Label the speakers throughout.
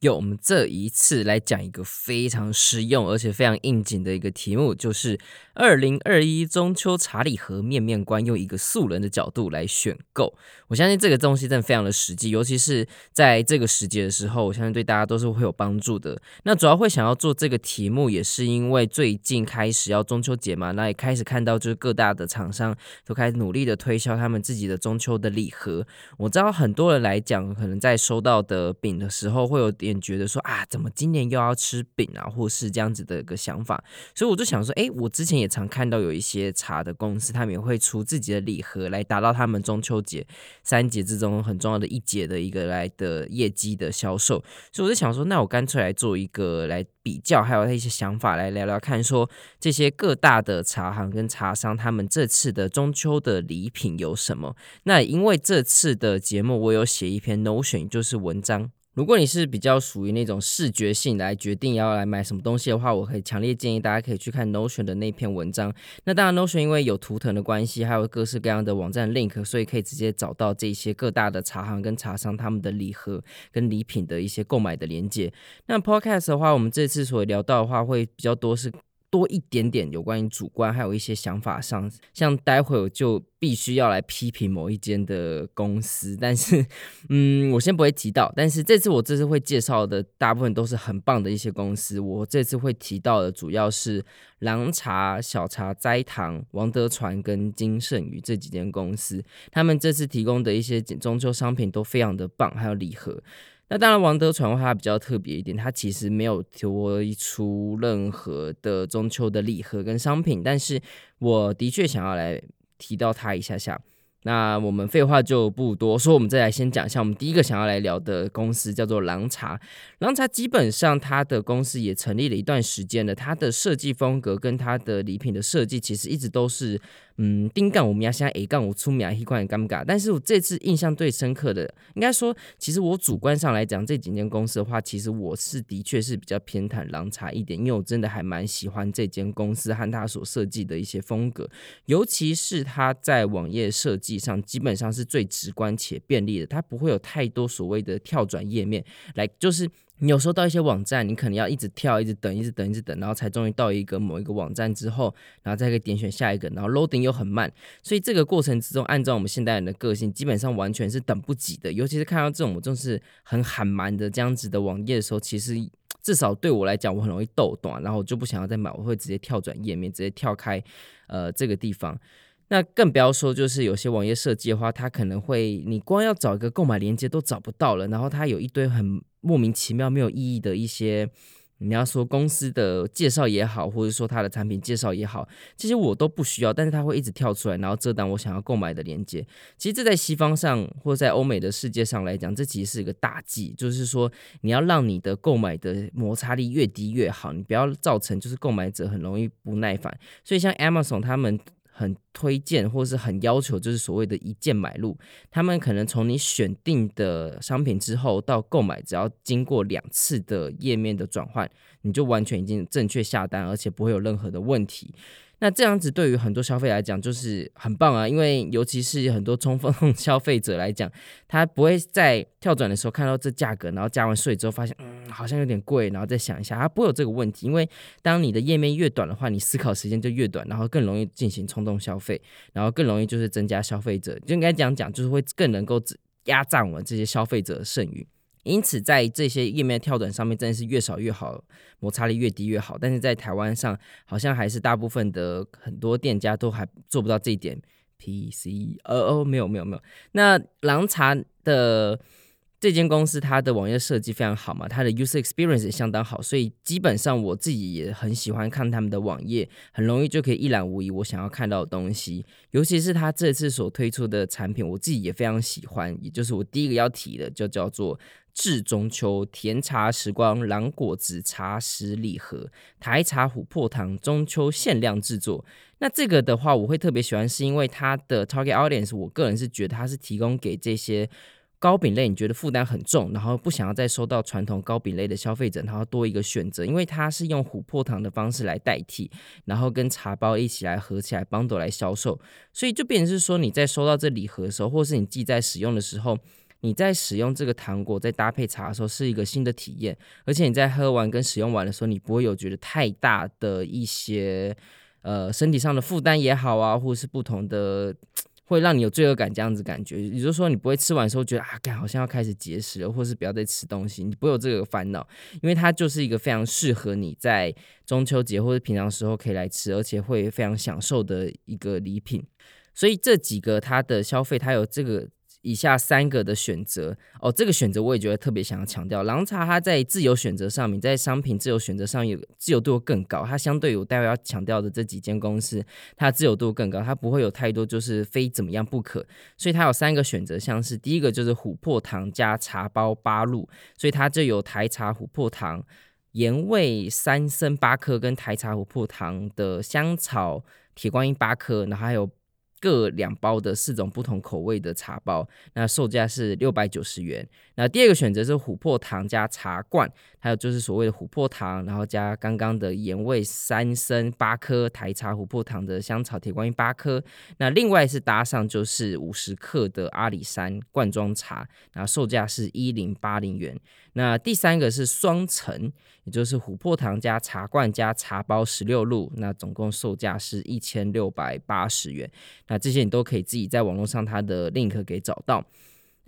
Speaker 1: 有，我們這一次來講一個非常實用而且非常應景的一個題目，就是二零二一中秋茶禮盒面面觀，用一個素人的角度來選購。我相信這個東西真的非常的實際，尤其是在這個時節的時候，我相信對大家都是會有幫助的。那主要會想要做這個題目，也是因為最近開始要中秋節嘛，那也開始看到就是各大的廠商都開始努力的推銷他們自己的中秋的禮盒。我知道很多人來講，可能在收到的餅的時候會有點。覺得說啊，怎麼今年又要吃餅啊，或是這樣子的一個想法，所以我就想說，誒、欸，我之前也常看到有一些茶的公司，他們也會出自己的禮盒來達到他們中秋節三節之中很重要的一節的一個來的業績的銷售，所以我就想說，那我乾脆來做一個來比較，還有一些想法來聊聊看說，說這些各大的茶行跟茶商，他們這次的中秋的禮品有什麼？那因為這次的節目，我有寫一篇 Notion，就是文章。如果你是比較屬於那種視覺性來決定要來買什麼東西的話，我可以強烈建議大家可以去看 Notion 的那篇文章。那當然，Notion 因為有圖騰的關係，還有各式各樣的網站 link，所以可以直接找到這些各大的茶行跟茶商他們的禮盒跟禮品的一些購買的連接。那 Podcast 的話，我們這次所聊到的話，會比較多是。多一點點有關於主觀還有一些想法上，像待會我就必須要來批評某一間的公司，但是嗯，我先不會提到。但是這次我這次會介紹的大部分都是很棒的一些公司，我這次會提到的主要是琅茶、小茶栽堂、王德傳跟京盛宇這幾間公司，他們這次提供的一些中秋商品都非常的棒，還有禮盒。那當然，王德傳的話比較特別一點，他其實沒有推出任何的中秋的禮盒跟商品，但是我的確想要來提到他一下下。那我們廢話就不多說，所以我們再來先講一下，我們第一個想要來聊的公司叫做琅茶。琅茶基本上它的公司也成立了一段時間了，它的設計風格跟它的禮品的設計其實一直都是，嗯，丁干我們家現在 A 槓五出米還很尷尬。但是我這次印象最深刻的，應該說，其實我主觀上來講，這幾間公司的話，其實我是的確是比較偏袒琅茶一點，因為我真的還蠻喜歡這間公司和它所設計的一些風格，尤其是他在網頁設計。上基本上是最直觀且便利的，它不會有太多所謂的跳轉頁面。來，就是你有時候到一些網站，你可能要一直跳、一直等、一直等、一直等，然後才終於到一個某一個網站之後，然後再可以點選下一個，然後 loading 又很慢。所以這個過程之中，按照我們現代人的個性，基本上完全是等不及的。尤其是看到這種我真是很喊蠻的這樣子的網頁的時候，其實至少對我來講，我很容易倒彈，然後我就不想要再買，我會直接跳轉頁面，直接跳開呃這個地方。那更不要說，就是有些網頁設計的話，它可能會你光要找一個購買鏈接都找不到了，然後它有一堆很莫名其妙、沒有意義的一些，你要說公司的介紹也好，或者說它的產品介紹也好，這些我都不需要，但是它會一直跳出來，然後遮擋我想要購買的鏈接。其實這在西方上，或在歐美的世界上來講，這其實是一個大忌，就是說你要讓你的購買的摩擦力越低越好，你不要造成就是購買者很容易不耐煩。所以像 Amazon 他們。很推薦，或是很要求，就是所謂的一鍵買入。他們可能從你選定的商品之後到購買，只要經過兩次的頁面的轉換，你就完全已經正確下單，而且不會有任何的問題。那這樣子對於很多消費來講就是很棒啊，因為尤其是很多衝動消費者來講，他不會在跳轉的時候看到這價格，然後加完稅之後發現，嗯，好像有點貴，然後再想一下，他不會有這個問題，因為當你的頁面越短的話，你思考時間就越短，然後更容易進行衝動消費，然後更容易就是增加消費者，就應該這樣講，就是會更能夠壓榨我們這些消費者的剩餘。因此，在這些頁面跳轉上面，真的是越少越好，摩擦力越低越好。但是在台灣上，好像還是大部分的很多店家都還做不到這一點。P C，哦哦，沒有，沒有，沒有。那琅茶的。這間公司它的網頁設計非常好嘛，它的 user experience 也相當好，所以基本上我自己也很喜歡看他們的網頁，很容易就可以一覽無遺我想要看到的東西。尤其是他這次所推出的產品，我自己也非常喜歡，也就是我第一個要提的，就叫做“致中秋甜茶時光琅果子茶食禮盒”、“台茶琥珀糖中秋限量製作”。那這個的話，我會特別喜歡，是因為它的 target audience，我個人是覺得它是提供給這些。高品類你覺得負擔很重，然後不想要再收到傳統高品類的消費者，他後多一個選擇，因為它是用琥珀糖的方式來代替，然後跟茶包一起來合起來幫 u 來銷售，所以就變成是說你在收到這禮盒的時候，或是你己在使用的時候，你在使用這個糖果在搭配茶的時候是一個新的體驗，而且你在喝完跟使用完的時候，你不會有覺得太大的一些呃身體上的負擔也好啊，或是不同的。會讓你有罪惡感這樣子感覺，也就是說你不會吃完之後覺得啊，感覺好像要開始節食了，或是不要再吃東西，你不會有這個煩惱，因為它就是一個非常適合你在中秋節或者平常時候可以來吃，而且會非常享受的一個禮品。所以這幾個它的消費，它有這個。以下三個的選擇哦，這個選擇我也覺得特別想要強調。琅茶它在自由選擇上面，在商品自由選擇上有自由度更高，它相對於我待會要強調的這幾間公司，它自由度更高，它不會有太多就是非怎麼樣不可。所以它有三個選擇，像是第一個就是琥珀糖加茶包八入，所以它就有台茶琥珀糖鹽味三生八顆，跟台茶琥珀糖的香草鐵觀音八顆，然後還有。各兩包的四種不同口味的茶包，那售價是六百九十元。那第二個選擇是琥珀糖加茶罐，還有就是所謂的琥珀糖，然後加剛剛的鹽味三升八顆台茶琥珀糖的香草鐵觀音八顆。那另外是搭上就是五十克的阿里山罐裝茶，然後售價是一零八零元。那第三個是雙層，也就是琥珀糖加茶罐加茶包十六入，那總共售價是一千六百八十元。這些你都可以自己在網絡上它的 link 給找到。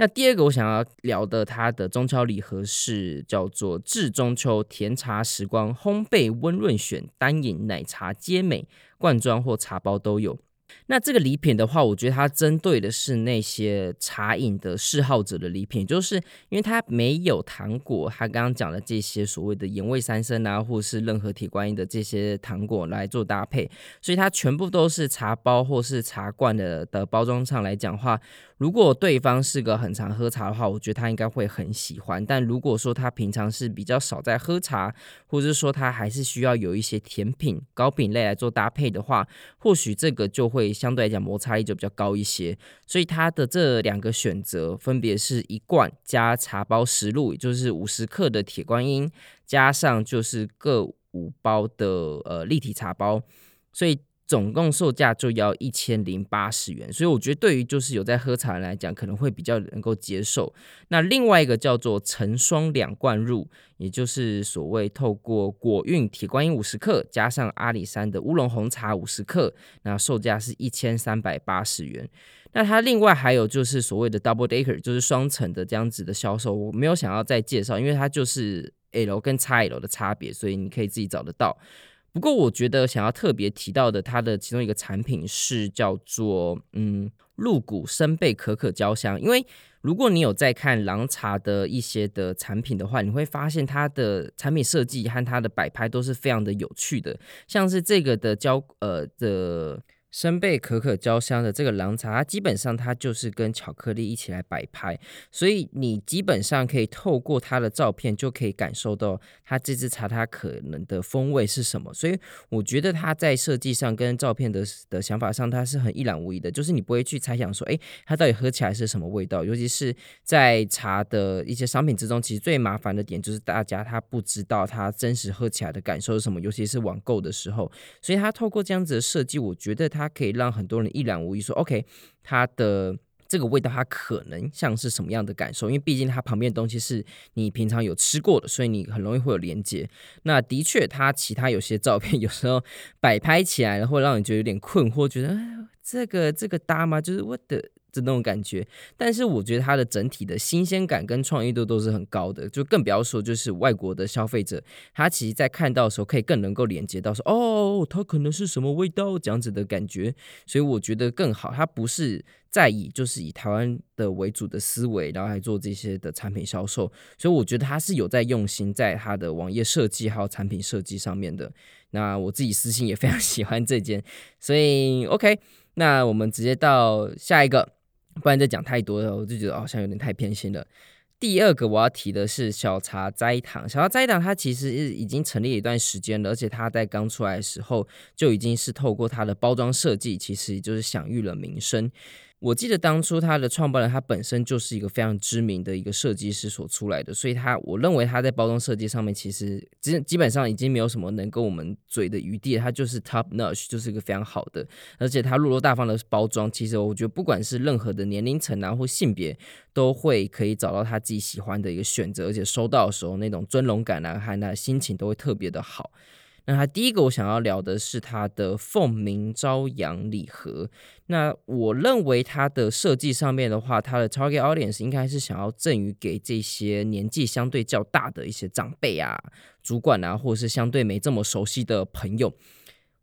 Speaker 1: 那第二個我想要聊的，它的中秋禮盒是叫做“至中秋甜茶時光烘焙溫潤選，單飲奶茶皆美，罐裝或茶包都有。”那這個禮品的話，我覺得它針對的是那些茶飲的嗜好者的禮品，就是因為它沒有糖果，它剛剛講的這些所謂的鹽味三生啊，或是任何鐵觀音的這些糖果來做搭配，所以它全部都是茶包或是茶罐的的包裝上來講話。如果對方是個很常喝茶的話，我覺得他應該會很喜歡。但如果說他平常是比較少在喝茶，或者是說他還是需要有一些甜品糕餅類來做搭配的話，或許這個就會相對來講摩擦力就比較高一些。所以他的這兩個選擇，分別是一罐加茶包實錄，也就是五十克的鐵觀音，加上就是各五包的呃立體茶包，所以。總共售價就要一千零八十元，所以我覺得對於就是有在喝茶的人來講，可能會比較能夠接受。那另外一個叫做成雙兩罐入，也就是所謂透過果韻鐵觀音五十克加上阿里山的烏龍紅茶五十克，那售價是一千三百八十元。那它另外還有就是所謂的 double decker，就是雙層的這樣子的銷售，我沒有想要再介紹，因為它就是 L 跟 XL 的差別，所以你可以自己找得到。不過，我覺得想要特別提到的，它的其中一個產品是叫做“嗯，露谷生焙可可焦香”。因為如果你有在看琅茶的一些的產品的話，你會發現它的產品設計和它的擺拍都是非常的有趣的，像是這個的焦呃的。深焙可可焦香的這個琅茶，它基本上它就是跟巧克力一起來擺拍，所以你基本上可以透過它的照片就可以感受到它這支茶它可能的風味是什麼。所以我覺得它在設計上跟照片的的想法上，它是很一覽無遺的，就是你不會去猜想說，誒、欸，它到底喝起來是什麼味道。尤其是在茶的一些商品之中，其實最麻煩的點就是大家他不知道他真實喝起來的感受是什麼，尤其是網購的時候。所以它透過這樣子的設計，我覺得它。它可以讓很多人一覽無餘，說 OK，它的這個味道它可能像是什麼樣的感受？因為畢竟它旁邊的東西是你平常有吃過的，所以你很容易會有連接。那的確，它其他有些照片有時候擺拍起來，會讓你覺得有點困惑，覺得這個這個搭嗎？就是 what the。這種感覺，但是我覺得它的整體的新鮮感跟創意度都是很高的，就更不要說就是外國的消費者，他其實在看到的時候，可以更能夠連接到說，哦，它可能是什麼味道這樣子的感覺，所以我覺得更好，他不是在意就是以台灣的為主的思維，然後來做這些的產品銷售，所以我覺得他是有在用心在他的網頁設計還有產品設計上面的，那我自己私心也非常喜歡這件，所以 OK，那我們直接到下一個。不然再講太多了，我就覺得好像有點太偏心了。第二個我要提的是小茶栽堂，小茶栽堂它其實是已經成立了一段時間了，而且它在剛出來的時候就已經是透過它的包裝設計，其實就是享譽了名聲。我記得當初他的創辦人，他本身就是一個非常知名的一個設計師所出來的，所以他我認為他在包裝設計上面其實基基本上已經沒有什麼能跟我們嘴的餘地，他就是 top-notch 就是一個非常好的，而且他落落大方的包裝，其實我覺得不管是任何的年齡層啊或性別，都會可以找到他自己喜歡的一個選擇，而且收到的時候那種尊榮感呢、啊，和他的心情都會特別的好。那它第一個我想要聊的是它的鳳鳴朝陽禮盒。那我認為它的設計上面的話，它的 target audience 應該是想要贈予給這些年紀相對較大的一些長輩啊、主管啊，或者是相對沒這麼熟悉的朋友。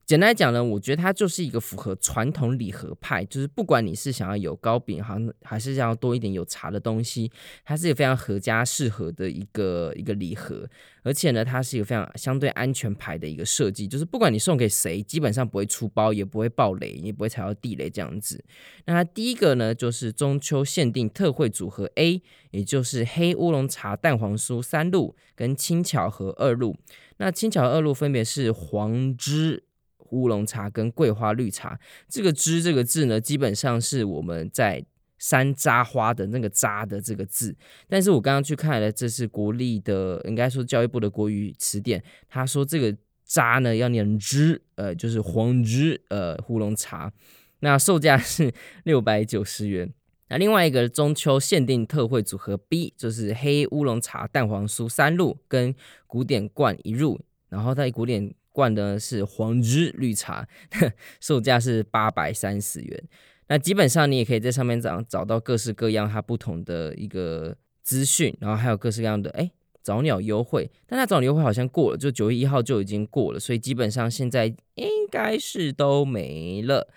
Speaker 1: 簡單來講呢，我覺得它就是一個符合傳統禮盒派，就是不管你是想要有糕餅，好像還是想要多一點有茶的東西，它是一個非常合家適合的一個一個禮盒，而且呢，它是一個非常相對安全牌的一個設計，就是不管你送給誰，基本上不會出包，也不會爆雷，也不會踩到地雷這樣子。那它第一個呢，就是中秋限定特惠組合 A，也就是黑烏龍茶蛋黃酥三入跟青巧和二入。那青巧二入分別是黃汁、烏龍茶跟桂花綠茶，這個梔這個字呢，基本上是我們在山梔花的那個梔的這個字。但是我剛剛去看了，這是國立的，應該說教育部的國語詞典，他說這個梔呢要念汁呃，就是黃梔呃，烏龍茶。那售價是六百九十元。那另外一個中秋限定特惠組合 B，就是黑烏龍茶、蛋黃酥三入跟古典罐一入，然後在古典。罐呢是黃汁綠茶，售價是八百三十元。那基本上你也可以在上面找找到各式各樣它不同的一個資訊，然後還有各式各樣的哎、欸、早鳥優惠，但那早鳥優惠好像過了，就九月一號就已經過了，所以基本上現在應該是都沒了。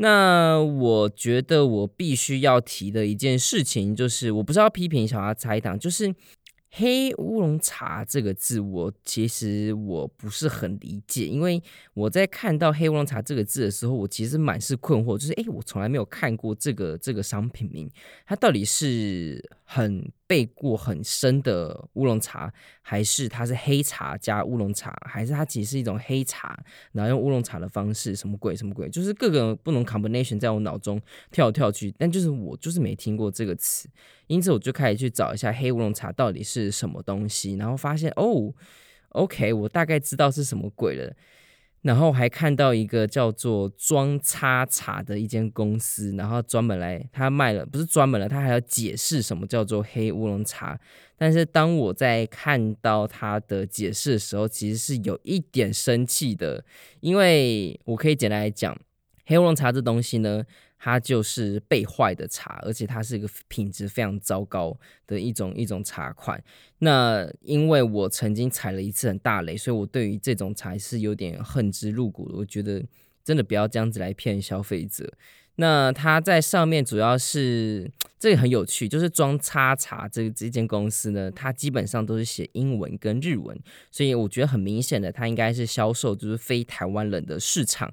Speaker 1: 那我覺得我必須要提的一件事情就是，我不是要批評小茶栽堂就是。黑烏龍茶這個字，我其實我不是很理解，因為我在看到“黑烏龍茶”這個字的時候，我其實滿是困惑，就是誒、欸，我從來沒有看過這個這個商品名，它到底是？很背過很深的烏龍茶，還是它是黑茶加烏龍茶，還是它其實是一種黑茶，然後用烏龍茶的方式，什麼鬼什麼鬼，就是各個不同 combination 在我腦中跳來跳去，但就是我就是沒聽過這個詞，因此我就開始去找一下黑烏龍茶到底是什麼東西，然後發現哦，OK，我大概知道是什麼鬼了。然後還看到一個叫做裝叉茶茶的一間公司，然後專門來他賣了，不是專門了，他還要解釋什麼叫做黑烏龍茶。但是當我在看到他的解釋的時候，其實是有一點生氣的，因為我可以簡單來講。黑烏龍茶這東西呢，它就是被壞的茶，而且它是一個品質非常糟糕的一種一種茶款。那因為我曾經踩了一次很大雷，所以我對於這種茶是有點恨之入骨的。我覺得真的不要這樣子來騙消費者。那它在上面主要是這個很有趣，就是裝叉茶、茶這這間公司呢，它基本上都是寫英文跟日文，所以我覺得很明顯的，它應該是銷售就是非台灣人的市場。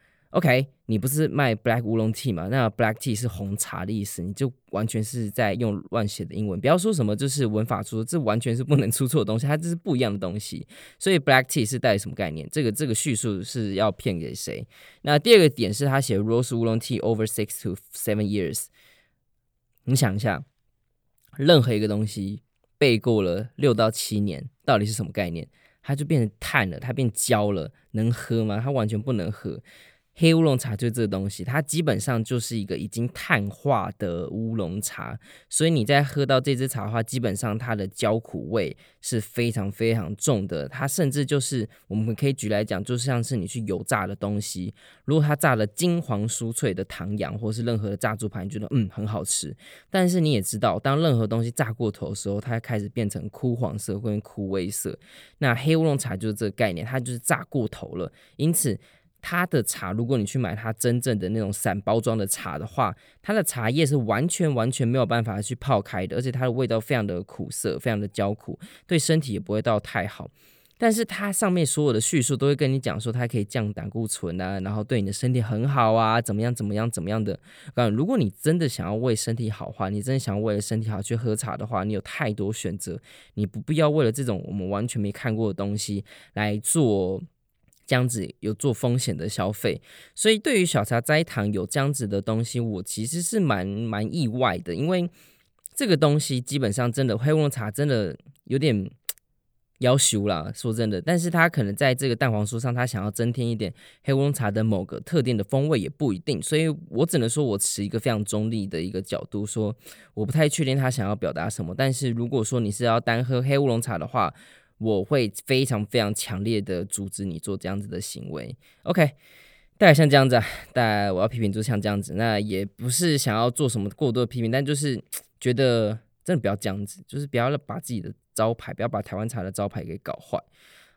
Speaker 1: OK，你不是賣 Black 烏龍 tea 嗎？那 Black tea 是紅茶的意思，你就完全是在用亂寫的英文。不要說什麼就是文法書，這完全是不能出錯的東西，它這是不一樣的東西。所以 Black tea 是帶什麼概念？這個這個敘述是要騙給誰？那第二個點是他寫 Rose 烏龍 tea over six to seven years。你想一下，任何一個東西背過了六到七年，到底是什麼概念？它就變成碳了，它變焦了，能喝嗎？它完全不能喝。黑烏龍茶就是這個東西，它基本上就是一個已經碳化的烏龍茶，所以你在喝到這支茶的話，基本上它的焦苦味是非常非常重的。它甚至就是我們可以舉來講，就是、像是你去油炸的東西，如果它炸的金黃酥脆的唐揚，或是任何的炸豬排，你覺得嗯，很好吃。但是你也知道，當任何東西炸過頭的時候，它開始變成枯黃色，跟枯萎色。那黑烏龍茶就是這個概念，它就是炸過頭了，因此。它的茶，如果你去買它真正的那種散包裝的茶的話，它的茶葉是完全完全沒有辦法去泡開的，而且它的味道非常的苦澀，非常的焦苦，對身體也不會到太好。但是它上面所有的敘述都會跟你講說，它可以降膽固醇啊，然後對你的身體很好啊，怎麼樣怎麼樣怎麼樣的。嗯，如果你真的想要為身體好的話，你真的想要為了身體好去喝茶的話，你有太多選擇，你不必要為了這種我們完全沒看過的東西來做。這樣子有做風險的消費，所以對於小茶栽堂有這樣子的東西，我其實是蠻蠻意外的，因為這個東西基本上真的黑烏龍茶真的有點妖壽啦，說真的，但是他可能在這個蛋黃酥上，他想要增添一點黑烏龍茶的某個特定的風味也不一定，所以我只能說，我持一個非常中立的一個角度，說我不太確定他想要表達什麼，但是如果說你是要單喝黑烏龍茶的話。我會非常非常強烈的阻止你做這樣子的行為。OK，大概像這樣子、啊，大概我要批評就像這樣子，那也不是想要做什麼過度的批評，但就是覺得真的不要這樣子，就是不要把自己的招牌，不要把台灣茶的招牌給搞壞。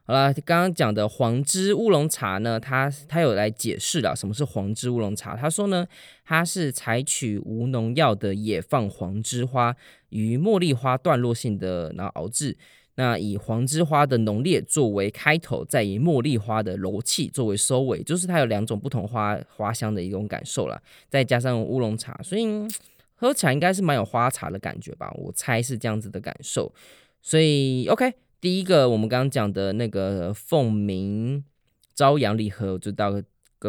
Speaker 1: 好了，剛剛講的黃枝烏龍茶呢，他它,它有來解釋了什麼是黃枝烏龍茶。他說呢，它是採取無農藥的野放黃枝花與茉莉花段落性的，然後熬制。那以黃梔花的濃烈作為開頭，再以茉莉花的柔氣作為收尾，就是它有兩種不同花花香的一種感受啦，再加上烏龍茶，所以喝起來應該是蠻有花茶的感覺吧？我猜是這樣子的感受。所以，OK，第一個我們剛剛講的那個鳳鳴朝陽禮盒我就到。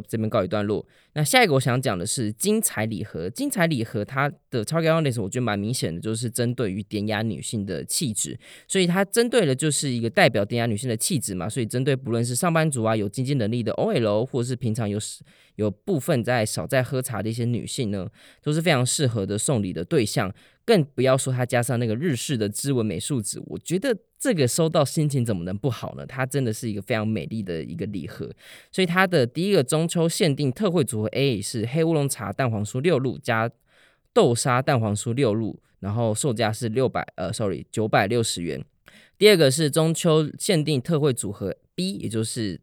Speaker 1: 這邊告一段落。那下一個我想講的是精彩禮盒。精彩禮盒它的超級亮點，我覺得蠻明顯的，就是針對於典雅女性的氣質，所以它針對的就是一個代表典雅女性的氣質嘛。所以針對不論是上班族啊，有經濟能力的 OL，或者是平常有有部分在少在喝茶的一些女性呢，都是非常適合的送禮的對象。更不要說它加上那個日式的織紋美術紙，我覺得。這個收到心情怎麼能不好呢？它真的是一個非常美麗的一個禮盒，所以它的第一個中秋限定特惠組合 A 是黑烏龍茶蛋黃酥六入加豆沙蛋黃酥六入，然後售價是六百，呃，sorry 九百六十元。第二個是中秋限定特惠組合 B，也就是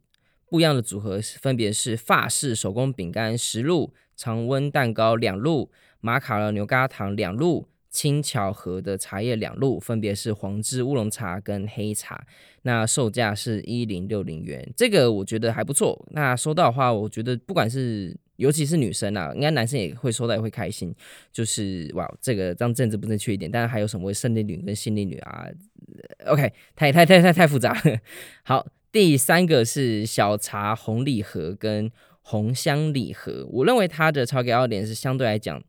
Speaker 1: 不一樣的組合，分別是法式手工餅乾十入，常溫蛋糕兩入，馬卡龍牛軋糖兩入輕巧盒的茶葉兩路分別是黃梔烏龍茶跟黑茶，那售價是一零六零元，這個我覺得還不錯。那收到的話，我覺得不管是尤其是女生啊，應該男生也會收到也會開心。就是哇，這個這樣政治不正確一點，但是還有什麼為生理女跟心理女啊？OK，太太太太太複雜了。 好，第三個是小茶紅禮盒跟紅香禮盒，我認為它的超級要點是相對來講。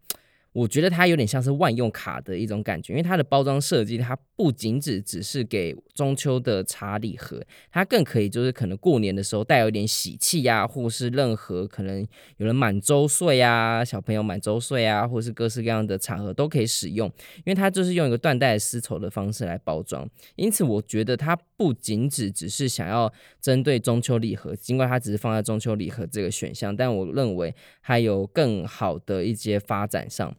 Speaker 1: 我覺得它有點像是萬用卡的一種感覺，因為它的包裝設計，它不僅僅只是給中秋的茶禮盒，它更可以就是可能過年的時候帶有一點喜氣呀、啊，或是任何可能有人滿周歲啊，小朋友滿周歲啊，或是各式各樣的場合都可以使用，因為它就是用一個緞帶絲綢的方式來包裝，因此我覺得它不僅僅只是想要針對中秋禮盒，儘管它只是放在中秋禮盒這個選項，但我認為還有更好的一些發展上，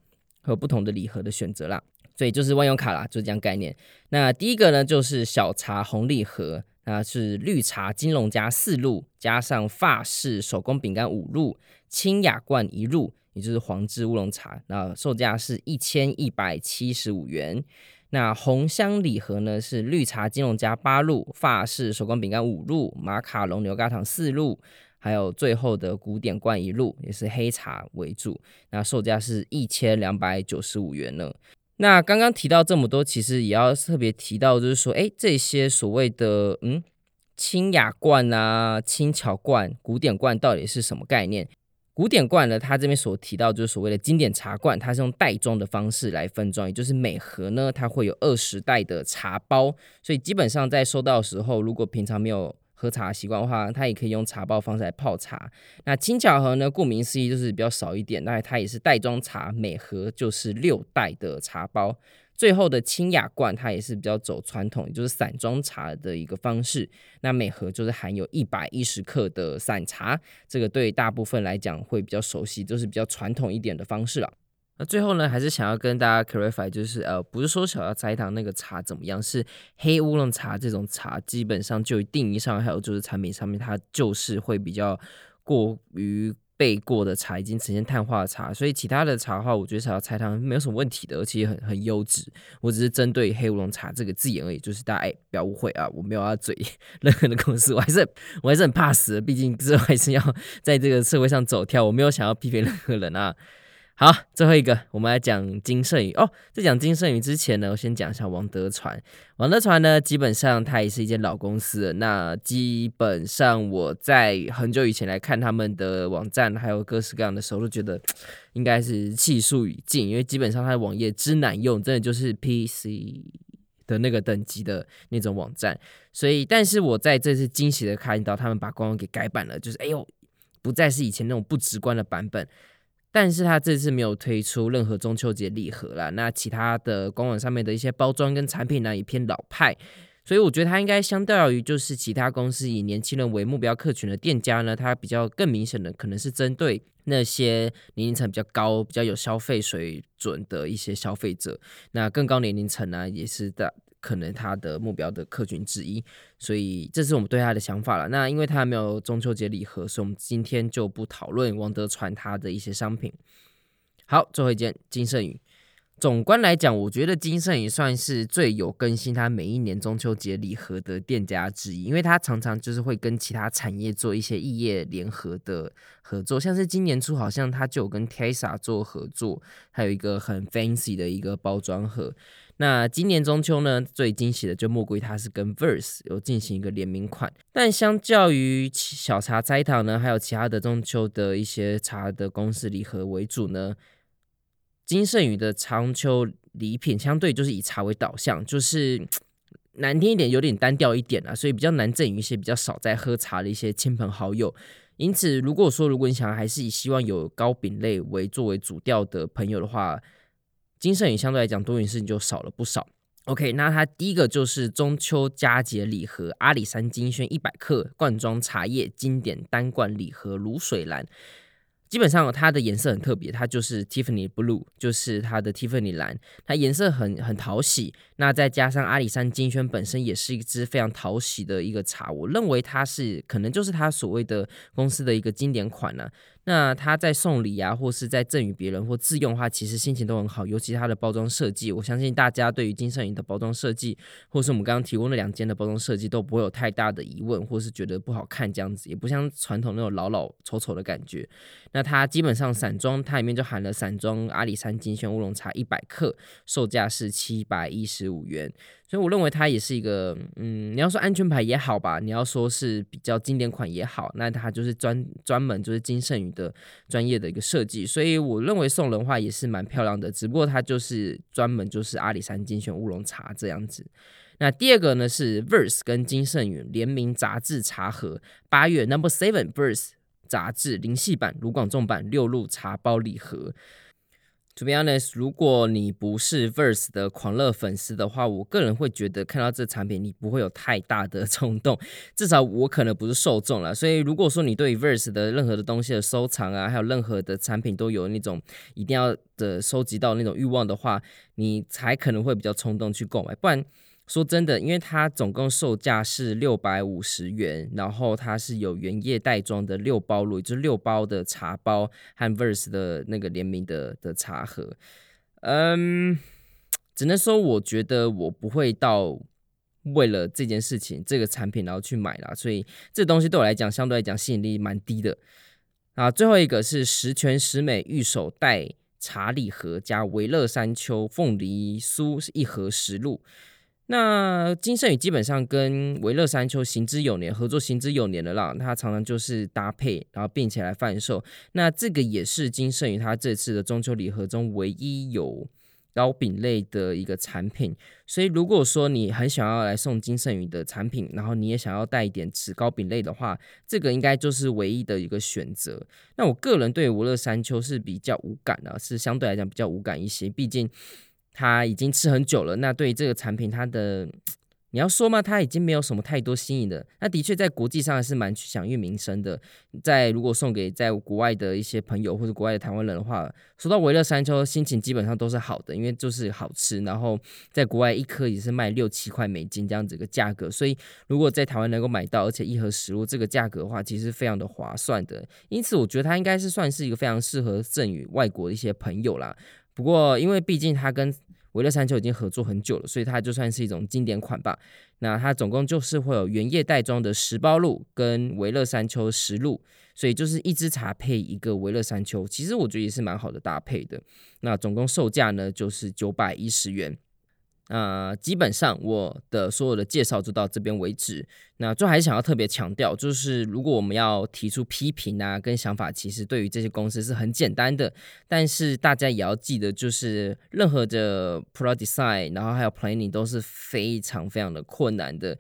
Speaker 1: 和不同的禮盒的選擇啦，所以就是萬用卡啦，就這樣概念。那第一個呢，就是小茶紅禮盒，那是綠茶金萱加四入加上法式手工餅乾五入清雅罐一入，也就是黃梔烏龍茶，那售價是一千一百七十五元。那紅香禮盒呢是綠茶金萱加八入法式手工餅乾五入馬卡龍牛軋糖四入。還有最後的古典罐一路也是黑茶為主，那售價是一千兩百九十五元呢。那剛剛提到這麼多，其實也要特別提到，就是說，哎，這些所謂的嗯，清雅罐啊、輕巧罐、古典罐到底是什麼概念？古典罐呢，它這邊所提到就是所謂的經典茶罐，它是用袋裝的方式來分裝，也就是每盒呢它會有二十袋的茶包，所以基本上在收到時候，如果平常沒有。喝茶習慣的話，它也可以用茶包方式來泡茶。那輕巧盒呢？顧名思義就是比較少一點，但它也是袋裝茶，每盒就是六袋的茶包。最後的清雅罐，它也是比較走傳統，就是散裝茶的一個方式。那每盒就是含有一百一十克的散茶，這個對大部分來講會比較熟悉，就是比較傳統一點的方式了。那最後呢，還是想要跟大家 clarify，就是呃，不是說小茶栽堂那個茶怎麼樣，是黑烏龍茶這種茶，基本上就定義上還有就是產品上面，它就是會比較過於被過的茶，已經呈現碳化茶。所以其他的茶的話，我覺得小茶栽堂沒有什麼問題的，而且很很優質。我只是針對黑烏龍茶這個字眼而已，就是大家哎、欸、不要誤會啊，我沒有要嘴任何的公司，我還是我還是很怕死的，畢竟這還是要在這個社會上走跳，我沒有想要批評任何人啊。好，最後一個，我們來講京盛宇哦。在講京盛宇之前呢，我先講一下王德傳。王德傳呢，基本上他也是一間老公司了。那基本上我在很久以前來看他們的網站，還有各式各樣的時候，都覺得應該是氣數已盡，因為基本上他的網頁之難用，真的就是 PC 的那個等級的那種網站。所以，但是我在這次驚喜的看到他們把官網給改版了，就是哎呦，不再是以前那種不直觀的版本。但是他這次沒有推出任何中秋節禮盒啦，那其他的官網上面的一些包裝跟產品呢、啊，也偏老派，所以我覺得它應該相較於就是其他公司以年輕人為目標客群的店家呢，它比較更明顯的可能是針對那些年齡層比較高，比較有消費水準的一些消費者。那更高年齡層呢、啊，也是的。可能他的目標的客群之一，所以這是我們對他的想法了。那因為他還沒有中秋節禮盒，所以我們今天就不討論王德傳他的一些商品。好，最後一件京盛宇。總觀來講，我覺得京盛也算是最有更新他每一年中秋節禮盒的店家之一，因為他常常就是會跟其他產業做一些異業聯合的合作，像是今年初好像他就有跟 TESA 做合作，還有一個很 fancy 的一個包裝盒。那今年中秋呢，最驚喜的就莫過於他是跟 Verse 有進行一個聯名款，但相較於小茶栽堂呢，還有其他的中秋的一些茶的公司禮盒為主呢。金盛宇的中秋禮品相對就是以茶為導向，就是難聽一點，有點單調一點啊，所以比較難贈予一些比較少在喝茶的一些親朋好友。因此，如果說，如果你想還是以希望有糕餅類為作為主調的朋友的話，金盛宇相對來講多元是你就少了不少。OK，那它第一個就是中秋佳節禮盒，阿里山金萱一百克罐裝茶葉經典單罐禮盒滷水藍。基本上它的顏色很特別，它就是 Tiffany Blue，就是它的 Tiffany 藍，它顏色很很討喜。那再加上阿里山金萱本身也是一支非常討喜的一個茶，我認為它是可能就是它所謂的公司的一個經典款了啊。那他在送禮啊，或是在贈予別人或自用的話，其實心情都很好。尤其它的包裝設計，我相信大家對於京盛宇的包裝設計，或是我們剛剛提供那兩間的包裝設計，都不會有太大的疑問，或是覺得不好看這樣子，也不像傳統那種老老醜醜的感覺。那它基本上散裝，它裡面就含了散裝阿里山精選烏龍茶一百克，售價是七百一十五元。所以我認為它也是一個，嗯，你要說安全牌也好吧，你要說是比較經典款也好，那它就是專專門就是京盛宇的專業的一個設計。所以我認為送人的話也是蠻漂亮的，只不過它就是專門就是阿里山精選烏龍茶這樣子。那第二個呢是 Verse 跟京盛宇聯名雜誌茶盒，八月 Number、no. Seven Verse 雜誌零系版盧廣仲版六入茶包禮盒。To be honest，如果你不是 VERSE 的狂熱粉絲的話，我個人會覺得看到這產品你不會有太大的衝動。至少我可能不是受眾了。所以如果說你對 VERSE 的任何的東西的收藏啊，還有任何的產品都有那種一定要的收集到那種欲望的話，你才可能會比較衝動去購買，不然。說真的，因為它總共售價是六百五十元，然後它是有原葉袋裝的六包露，也就是六包的茶包和 verse 的那個聯名的的茶盒，嗯，只能說我覺得我不會到為了這件事情這個產品然後去買啦，所以這東西對我來講相對來講吸引力蠻低的啊。然後最後一個是十全十美御守袋茶禮盒加微熱山丘鳳梨酥是一盒十露。那京盛宇基本上跟微熱山丘行之有年合作，行之有年的啦，它常常就是搭配，然後並且來販售。那這個也是京盛宇他這次的中秋禮盒中唯一有糕餅類的一個產品。所以如果說你很想要來送京盛宇的產品，然後你也想要帶一點吃糕餅類的話，這個應該就是唯一的一個選擇。那我個人對微熱山丘是比較無感的，啊，是相對來講比較無感一些，畢竟。他已經吃很久了，那對於這個產品，它的你要說嗎？他已經沒有什麼太多新穎的。那的確在國際上還是蠻去享譽名聲的。在如果送給在國外的一些朋友或者國外的台灣人的話，說到微熱山丘心情基本上都是好的，因為就是好吃。然後在國外一顆也是賣六七塊美金這樣子一個價格，所以如果在台灣能夠買到，而且一盒十入這個價格的話，其實非常的划算的。因此我覺得它應該是算是一個非常適合贈予外國的一些朋友啦。不過，因為畢竟它跟微熱山丘已經合作很久了，所以它就算是一種經典款吧。那它總共就是會有原葉袋裝的十包入跟微熱山丘十入，所以就是一支茶配一個微熱山丘，其實我覺得也是蠻好的搭配的。那總共售價呢，就是九百一十元。啊、呃，基本上我的所有的介紹就到這邊為止。那最後還是想要特別強調，就是如果我們要提出批評啊，跟想法，其實對於這些公司是很簡單的。但是大家也要記得，就是任何的 product design，然後還有 planning 都是非常非常的困難的。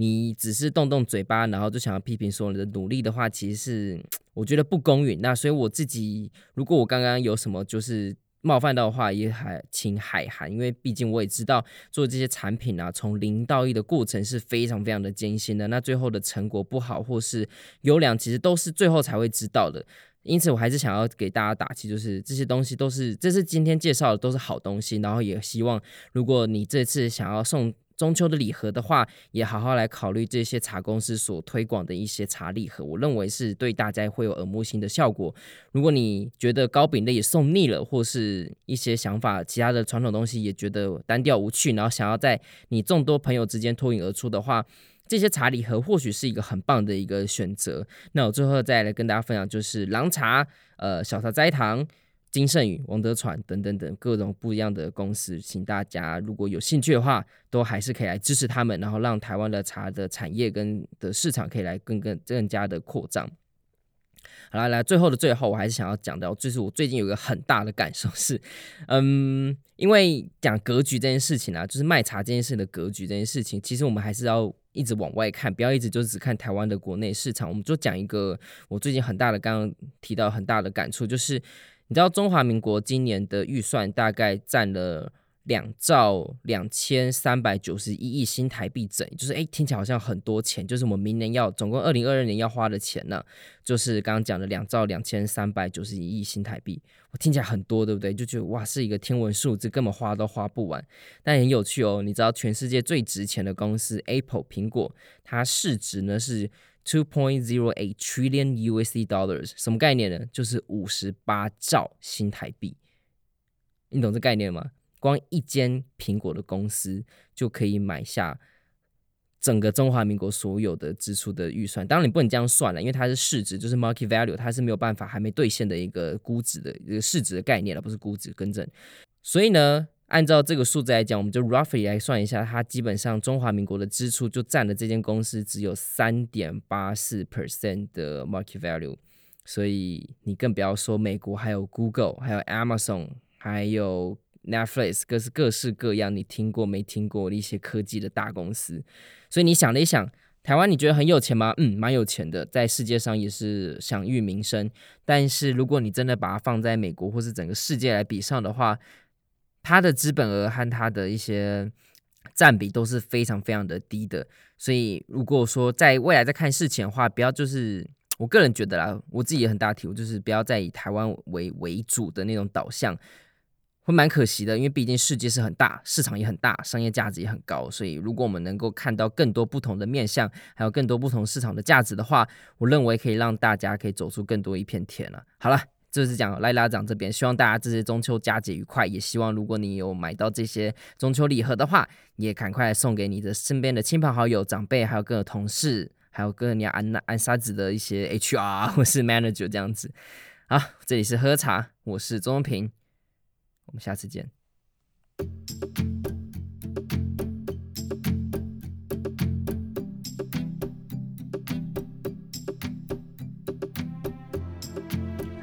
Speaker 1: 你只是動動嘴巴，然後就想要批評所有的努力的話，其實是我覺得不公允。那所以我自己，如果我剛剛有什麼就是。冒犯到的話也還請海涵，因為畢竟我也知道做這些產品啊，從零到一的過程是非常非常的艱辛的。那最後的成果不好或是優良，其實都是最後才會知道的。因此，我還是想要給大家打氣，就是這些東西都是，這是今天介紹的都是好東西。然後也希望，如果你這次想要送。中秋的禮盒的話，也好好來考慮這些茶公司所推廣的一些茶禮盒，我認為是對大家會有耳目新的效果。如果你覺得糕餅類也送膩了，或是一些想法，其他的傳統東西也覺得單調無趣，然後想要在你眾多朋友之間脫穎而出的話，這些茶禮盒或許是一個很棒的一個選擇。那我最後再來跟大家分享，就是琅茶，呃，小茶栽堂。京盛宇、王德傳等等等各種不一樣的公司，請大家如果有興趣的話，都還是可以來支持他們，然後讓台灣的茶的產業跟的市場可以來更更更加的擴張。好了，來最後的最後，我還是想要講到，就是我最近有一個很大的感受是，嗯，因為講格局這件事情啊，就是賣茶這件事的格局這件事情，其實我們還是要一直往外看，不要一直就只看台灣的國內市場。我們就講一個我最近很大的剛剛提到很大的感觸就是。你知道中華民國今年的預算大概占了兩兆兩千三百九十一億新台幣整，就是誒、欸，聽起來好像很多錢，就是我們明年要總共二零二二年要花的錢呢、啊，就是剛剛講的兩兆兩千三百九十一億新台幣，我聽起來很多，對不對？就覺得哇，是一個天文數字，根本花都花不完。但很有趣哦，你知道全世界最值錢的公司 Apple 蘋果，它市值呢是。Two point zero eight trillion U S D dollars，什麼概念呢？就是五十八兆新台幣。你懂這概念嗎？光一間蘋果的公司就可以買下整個中華民國所有的支出的預算。當然你不能這樣算了，因為它是市值，就是 market value，它是沒有辦法還沒兌現的一個估值的一個市值的概念，而不是估值更正。所以呢。按照這個數字來講，我們就 roughly 來算一下，它基本上中華民國的支出就占了這間公司只有三點八四 percent 的 market value，所以你更不要說美國還有 Google，還有 Amazon，還有 Netflix，各式各式各樣你聽過沒聽過的一些科技的大公司，所以你想了一想，台灣你覺得很有錢嗎？嗯，蠻有錢的，在世界上也是享譽名聲，但是如果你真的把它放在美國或是整個世界來比上的話，它的資本額和它的一些佔比都是非常非常的低的，所以如果說在未來在看事情的話，不要就是我個人覺得啦，我自己也很大體我就是不要再以台灣為為主的那種導向，會蠻可惜的。因為畢竟世界是很大，市場也很大，商業價值也很高，所以如果我們能夠看到更多不同的面向，還有更多不同市場的價值的話，我認為可以讓大家可以走出更多一片天了。好了。就是講來拉長這邊，希望大家這些中秋佳節愉快，也希望如果你有買到這些中秋禮盒的話，也趕快送給你的身邊的親朋好友、長輩，還有各個同事，還有各個你安那安沙子的一些 HR 或是 manager 這樣子。好，這裡是喝茶，我是鍾平，我們下次見。